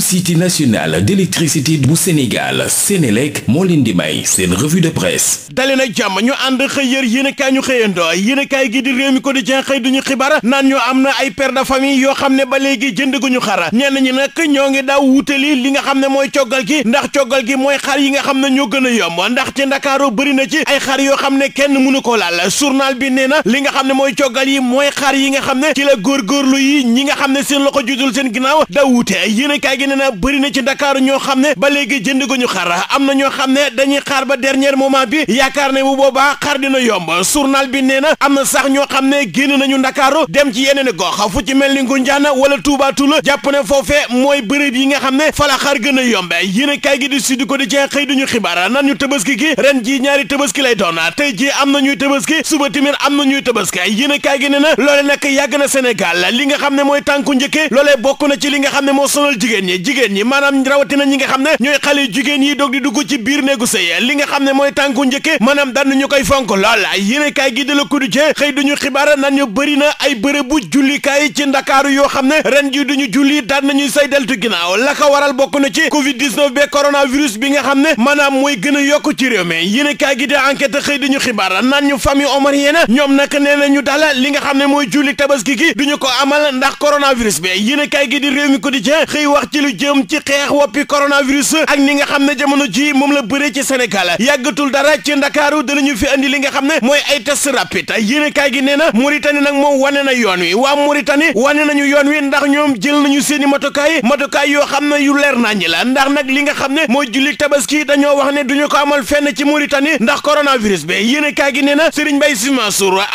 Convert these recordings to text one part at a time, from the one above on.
société nationale d'électricité bu Sénégal Sénélec moo leen di may seen revue de presse dali jàmm ñu ànd xëy yër yéenekaay ñu xëyandoo yéenekaay gi di réew mi ko di jen xëy duñu xibaar naan ñu am na ay père de yoo xam ne ba léegi jënd guñu xara ñenn ñi nag ñoo ngi daaw wutali li nga xam ne mooy coggal gi ndax coggal gi mooy xar yi nga xam ne ñoo gën a yomb ndax ci Ndakaaru bëri na ci ay xar yoo xam ne kenn mënu ko laal journal bi nee na li nga xam ne mooy coggal yi mooy xar yi nga xam ne ci la góorgóorlu yi ñi nga xam ne seen loxo judul seen ginnaaw gi nee na bëri na ci Dakar ñoo xam ne ba léegi jënd gu ñu xar am na ñoo xam ne dañuy xaar ba dernier moment bi yaakaar ne bu boobaa xar dina yomb surnal bi nee na am na sax ñoo xam ne génn nañu Ndakaaru dem ci yeneen gox fu ci mel ni na wala Touba Toul jàpp ne foofee mooy bërëb yi nga xam ne fala xar gën a yombe yéen kay gi di Sud Quotidien xëy duñu xibaar nan ñu tabaski gi ren ji ñaari tabaski lay doon tey ji am na ñuy tabaski suba tamit am na ñuy tabaski yéen kay gi nee na loole nag yàgg na Sénégal li nga xam ne mooy tànku njëkke loolee bokk na ci li nga xam ne moo sonal jigéen ñi jigéen ñi maanaam rawatina ñi nga xam ne ñooy xale jigéen yi doog dugg ci biir néegu sëy li nga xam ne mooy tànku njëkke maanaam daan ñu koy fonk lool yéene kaay gi de la Quotidien xëy duñu xibaar nan ñu bëri na ay bërëbu jullikaay ci ndakaaru yoo xam ne ren ji duñu julli daan nañuy say deltu ginnaaw la ko waral bokk na ci covid 19 be coronavirus bi nga xam ne maanaam mooy gën a yokk ci réew mi yéene kaay gi de enquête xëy duñu xibaar nan ñu famille Omar yéena ñoom nag nee na ñu dala li nga xam ne mooy julli tabaski gi duñu ko amal ndax coronavirus bi yéene kaay gi di réew mi Quotidien xëy ci lu jëm ci xeex woppi coronavirus ak ni nga xam ne jamono ji moom la bëree ci Sénégal yàggatul dara ci Ndakaaru danañu fi andi li nga xam ne mooy ay test rapide yéene kaay gi nee na Mauritanie nag moom wane na yoon wi waa Mauritanie wane nañu yoon wi ndax ñoom jël nañu seeni matukaay matukaay yoo xam ne yu leer nañu la ndax nag li nga xam ne mooy julli tabaski dañoo wax ne duñu ko amal fenn ci Mauritanie ndax coronavirus bi yéene kaay gi nee na Serigne Mbaye Sy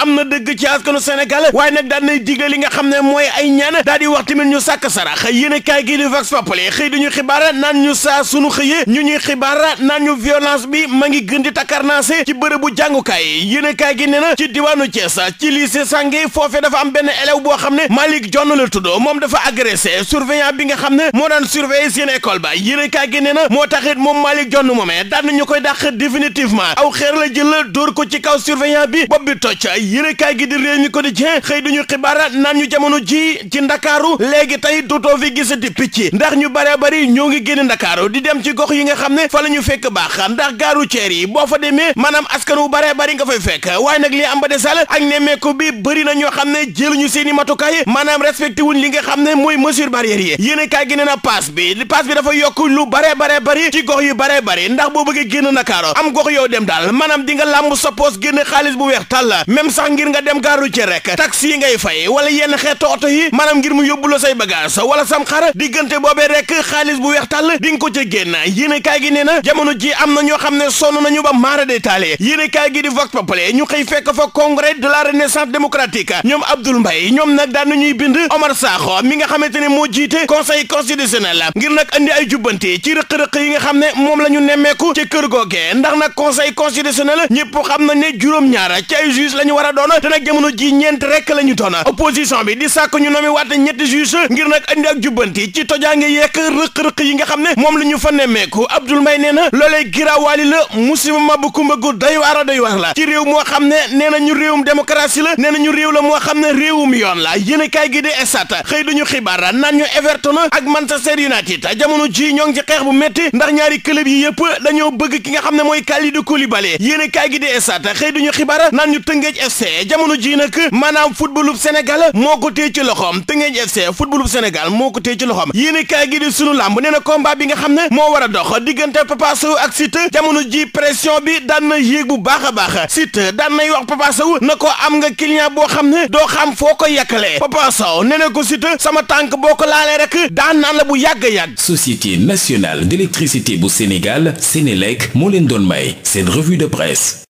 am na dëgg ci askanu Sénégal waaye nag daan nay li nga xam ne mooy ay ñaan wax ñu sàkk sarax yéene kaay gi Populi xëy du ñu xibaar na ñu saa sunu xëyee ñu ñuy xibaar naan ñu violence bi ma ngi gën di takkarnaase ci bërëbu jàngukaay yéenekaay gi nee na ci diwaanu Thiès ci lycée Sange foofe dafa am benn élève boo xam ne Malick Jonn la tudd moom dafa agressé surveillant bi nga xam ne moo daan surveiller seen école ba yéenekaay gi nee na moo taxit moom Malick Jonn moomee daan ñu koy dàq définitivement aw xeer la jël dóor ko ci kaw surveillant bi bopp bi toj yéenekaay gi di réew mi quotidien xëy duñu xibaar naan ñu jamono ji ci Ndakaaru léegi tey dootoo fi gis di picc ndax ñu bare bari ñoo ngi génn ndakaaru di dem ci gox yi nga xam ne fa la ñu fekk baax ndax gaaru ceer yi boo fa demee maanaam askan wu bare bari nga fay fekk waaye nag li am ba desal ak nemmeeku bi bëri na ñoo xam ne ñu seeni matukaay maanaam respecté wuñ li nga xam ne mooy mesure barrière yi yéen kaay gi nee na paas bi paas bi dafa yokk lu bare bare bari ci gox yi bare bari ndax boo bëggee génn ndakaaru am gox yow dem daal maanaam di nga làmb sa poos génn xaalis bu weex tàll même sax ngir nga dem gaaru ceer rek taxi yi wala yenn xeetu yi maanaam ngir mu yóbbu la say bagage wala sam boobee rek xaalis bu weex tàll di nga ko ca génn yéen kaay gi nee na jamono ji am na ñoo xam ne sonn nañu ba maara de taale yéen kaay gi di vox populi ñu xëy fekk fa congrès de la renaissance démocratique ñoom Abdoul Mbaye ñoom nag daan ñuy bind Omar Sakho mi nga xamante ne moo jiite conseil constitutionnel ngir nag andi ay jubbante ci rëq-rëq yi nga xam ne moom la ñu nemmeeku ci kër googee ndax nag conseil constitutionnel ñëpp xam na ne juróom-ñaara ci ay juge la ñu war a te nag jamono ñeent rek la ñu doon opposition bi di sàkk ñu nomi waat ñetti juge ngir nag andi ak jubbanti ci tojaa tàng yi nga xam ne moom la ñu fa nemmeeku Abdoul Mbaye nee na loolee giraawaali la musiba mabbu kumba gu doy a doy waar la ci réew moo xam ne nee na ñu réewum démocratie la nee na ñu réew la moo xam ne réewum yoon la yéen kaay gi di esat xëy duñu xibaar naan ñu Everton ak Manchester United jamono ji ñoo ngi ci xeex bu metti ndax ñaari club yi yëpp dañoo bëgg ki nga xam ne mooy Kalidou Koulibaly bale kaay gi di esat xëy du duñu xibaar naan ñu Tëngéej FC jamono ji nag maanaam footballub Sénégal moo ko téye ci loxoom Tëngéej FC footballub Sénégal moo ko téye ci loxoom kaay gi di sunu làmb nee na combat bi nga xam ne moo war a dox diggante Papa Sow ak Siteu jamono ji pression bi daan na yéeg bu baax a baax Siteu daan nay wax Papa Sow na ko am nga client boo xam ne doo xam foo ko yàkkalee Papa Sow nee na ko sama tànk boo ko laalee rek daan naan la bu yàgg yàgg. Société nationale d'électricité bu Sénégal Sénélec moo leen doon may seen revue de presse.